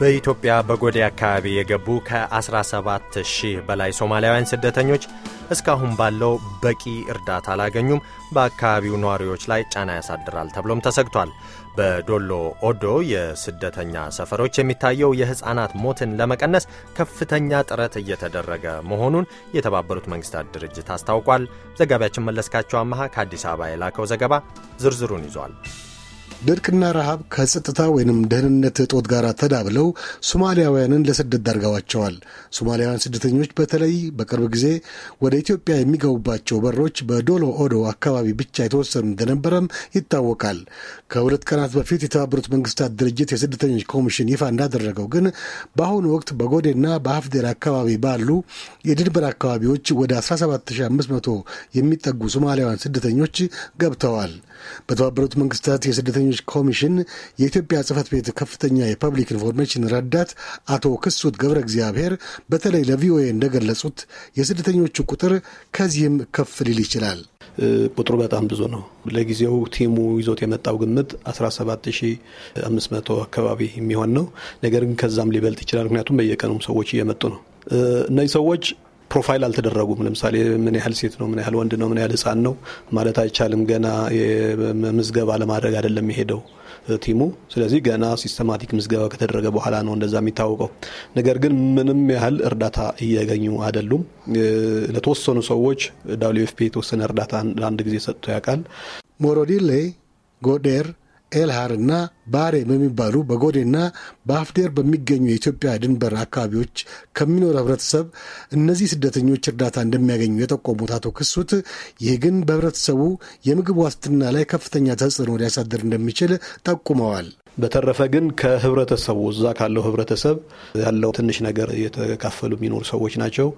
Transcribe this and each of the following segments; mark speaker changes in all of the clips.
Speaker 1: በኢትዮጵያ በጎዴ አካባቢ የገቡ ከ17 ሺህ በላይ ሶማሊያውያን ስደተኞች እስካሁን ባለው በቂ እርዳታ አላገኙም። በአካባቢው ነዋሪዎች ላይ ጫና ያሳድራል ተብሎም ተሰግቷል። በዶሎ ኦዶ የስደተኛ ሰፈሮች የሚታየው የሕፃናት ሞትን ለመቀነስ ከፍተኛ ጥረት እየተደረገ መሆኑን የተባበሩት መንግስታት ድርጅት አስታውቋል። ዘጋቢያችን መለስካቸው አመሃ ከአዲስ አበባ የላከው ዘገባ ዝርዝሩን ይዟል።
Speaker 2: ድርቅና ረሃብ ከጸጥታ ወይንም ደህንነት እጦት ጋር ተዳብለው ሶማሊያውያንን ለስደት ዳርገዋቸዋል። ሶማሊያውያን ስደተኞች በተለይ በቅርብ ጊዜ ወደ ኢትዮጵያ የሚገቡባቸው በሮች በዶሎ ኦዶ አካባቢ ብቻ የተወሰኑ እንደነበረም ይታወቃል። ከሁለት ቀናት በፊት የተባበሩት መንግስታት ድርጅት የስደተኞች ኮሚሽን ይፋ እንዳደረገው ግን በአሁኑ ወቅት በጎዴና በሀፍዴር አካባቢ ባሉ የድንበር አካባቢዎች ወደ 17500 የሚጠጉ ሶማሊያውያን ስደተኞች ገብተዋል። በተባበሩት መንግስታት የስደተኞች የጋዜጠኞች ኮሚሽን የኢትዮጵያ ጽህፈት ቤት ከፍተኛ የፐብሊክ ኢንፎርሜሽን ረዳት አቶ ክሱት ገብረ እግዚአብሔር በተለይ ለቪኦኤ እንደገለጹት የስደተኞቹ ቁጥር
Speaker 3: ከዚህም ከፍ ሊል ይችላል። ቁጥሩ በጣም ብዙ ነው። ለጊዜው ቲሙ ይዞት የመጣው ግምት 17500 አካባቢ የሚሆን ነው። ነገር ግን ከዛም ሊበልጥ ይችላል። ምክንያቱም በየቀኑም ሰዎች እየመጡ ነው። እነዚህ ሰዎች ፕሮፋይል አልተደረጉም። ለምሳሌ ምን ያህል ሴት ነው፣ ምን ያህል ወንድ ነው፣ ምን ያህል ህጻን ነው ማለት አይቻልም። ገና ምዝገባ ለማድረግ አይደለም የሄደው ቲሙ። ስለዚህ ገና ሲስተማቲክ ምዝገባ ከተደረገ በኋላ ነው እንደዛ የሚታወቀው። ነገር ግን ምንም ያህል እርዳታ እያገኙ አይደሉም። ለተወሰኑ ሰዎች ዳብሊው ኤፍ ፒ የተወሰነ እርዳታ አንድ ጊዜ ሰጥቶ ያውቃል። ሞሮዲሌ
Speaker 2: ጎዴር ኤልሃርና ባሬ በሚባሉ በጎዴና በአፍዴር በሚገኙ የኢትዮጵያ ድንበር አካባቢዎች ከሚኖር ህብረተሰብ እነዚህ ስደተኞች እርዳታ እንደሚያገኙ የጠቆሙት አቶ ክሱት ይህ ግን በህብረተሰቡ የምግብ ዋስትና ላይ ከፍተኛ ተጽዕኖ
Speaker 3: ሊያሳድር እንደሚችል ጠቁመዋል። በተረፈ ግን ከህብረተሰቡ እዛ ካለው ህብረተሰብ ያለው ትንሽ ነገር እየተካፈሉ የሚኖሩ ሰዎች ናቸው።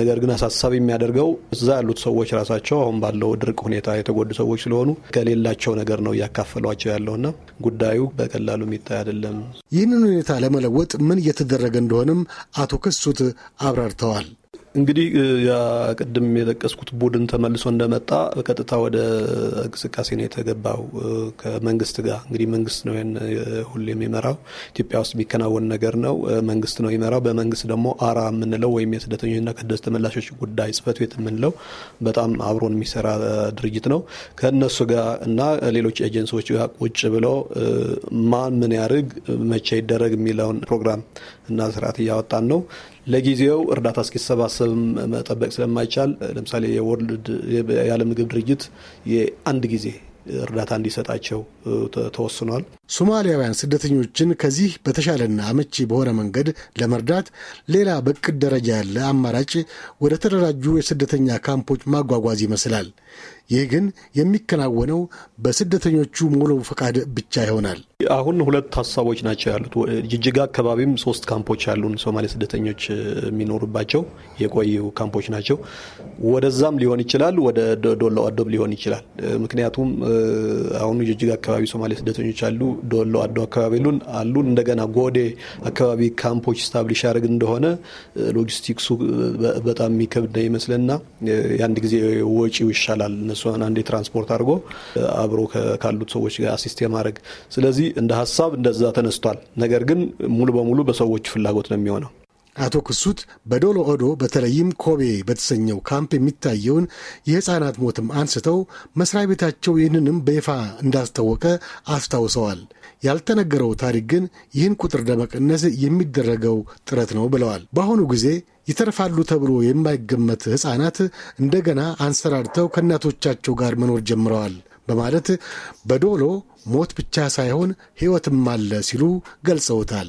Speaker 3: ነገር ግን አሳሳቢ የሚያደርገው እዛ ያሉት ሰዎች ራሳቸው አሁን ባለው ድርቅ ሁኔታ የተጎዱ ሰዎች ስለሆኑ ከሌላቸው ነገር ነው እያካፈሏቸው ያለውና ጉዳዩ በቀላሉ የሚታይ አይደለም። ይህንን ሁኔታ ለመለወጥ ምን እየተደረገ እንደሆነም አቶ ክሱት አብራርተዋል። እንግዲህ ቅድም የጠቀስኩት ቡድን ተመልሶ እንደመጣ በቀጥታ ወደ እንቅስቃሴ ነው የተገባው ከመንግስት ጋር። እንግዲህ መንግስት ነው ይን ሁሌም ይመራው። ኢትዮጵያ ውስጥ የሚከናወን ነገር ነው፣ መንግስት ነው ይመራው። በመንግስት ደግሞ አራ የምንለው ወይም የስደተኞችና ከደስ ተመላሾች ጉዳይ ጽፈት ቤት የምንለው በጣም አብሮን የሚሰራ ድርጅት ነው። ከእነሱ ጋር እና ሌሎች ኤጀንሲዎች ጋር ቁጭ ብለው ማን ምን ያርግ፣ መቼ ይደረግ የሚለውን ፕሮግራም እና ስርዓት እያወጣን ነው። ለጊዜው እርዳታ እስኪሰባሰብ ህብረተሰብም መጠበቅ ስለማይቻል ለምሳሌ የወርልድ የዓለም ምግብ ድርጅት የአንድ ጊዜ እርዳታ እንዲሰጣቸው ተወስኗል።
Speaker 2: ሶማሊያውያን ስደተኞችን ከዚህ በተሻለና አመቺ በሆነ መንገድ ለመርዳት ሌላ በቅድ ደረጃ ያለ አማራጭ ወደ ተደራጁ የስደተኛ ካምፖች ማጓጓዝ ይመስላል። ይህ ግን የሚከናወነው በስደተኞቹ ሙሉ ፈቃድ ብቻ ይሆናል።
Speaker 3: አሁን ሁለት ሀሳቦች ናቸው ያሉት። ጅጅጋ አካባቢም ሶስት ካምፖች ያሉን ሶማሌ ስደተኞች የሚኖሩባቸው የቆዩ ካምፖች ናቸው። ወደዛም ሊሆን ይችላል፣ ወደ ዶሎ አዶብ ሊሆን ይችላል። ምክንያቱም አሁኑ ጅጅጋ አካባቢ ሶማሌ ስደተኞች አሉ፣ ዶሎ አዶ አካባቢ ሉን አሉ። እንደገና ጎዴ አካባቢ ካምፖች ስታብሊሽ ያደርግ እንደሆነ ሎጂስቲክሱ በጣም የሚከብድ ይመስልና የአንድ ጊዜ ወጪው ይሻላል እሷን አንዴ ትራንስፖርት አድርጎ አብሮ ካሉት ሰዎች ጋር አሲስት የማድረግ ስለዚህ እንደ ሀሳብ እንደዛ ተነስቷል። ነገር ግን ሙሉ በሙሉ በሰዎች ፍላጎት ነው የሚሆነው። አቶ
Speaker 2: ክሱት በዶሎ ኦዶ በተለይም ኮቤ በተሰኘው
Speaker 3: ካምፕ የሚታየውን
Speaker 2: የሕፃናት ሞትም አንስተው መስሪያ ቤታቸው ይህንንም በይፋ እንዳስታወቀ አስታውሰዋል። ያልተነገረው ታሪክ ግን ይህን ቁጥር ለመቀነስ የሚደረገው ጥረት ነው ብለዋል። በአሁኑ ጊዜ ይተርፋሉ ተብሎ የማይገመት ሕፃናት እንደገና አንሰራርተው ከእናቶቻቸው ጋር መኖር ጀምረዋል በማለት በዶሎ ሞት ብቻ ሳይሆን ሕይወትም አለ ሲሉ ገልጸውታል።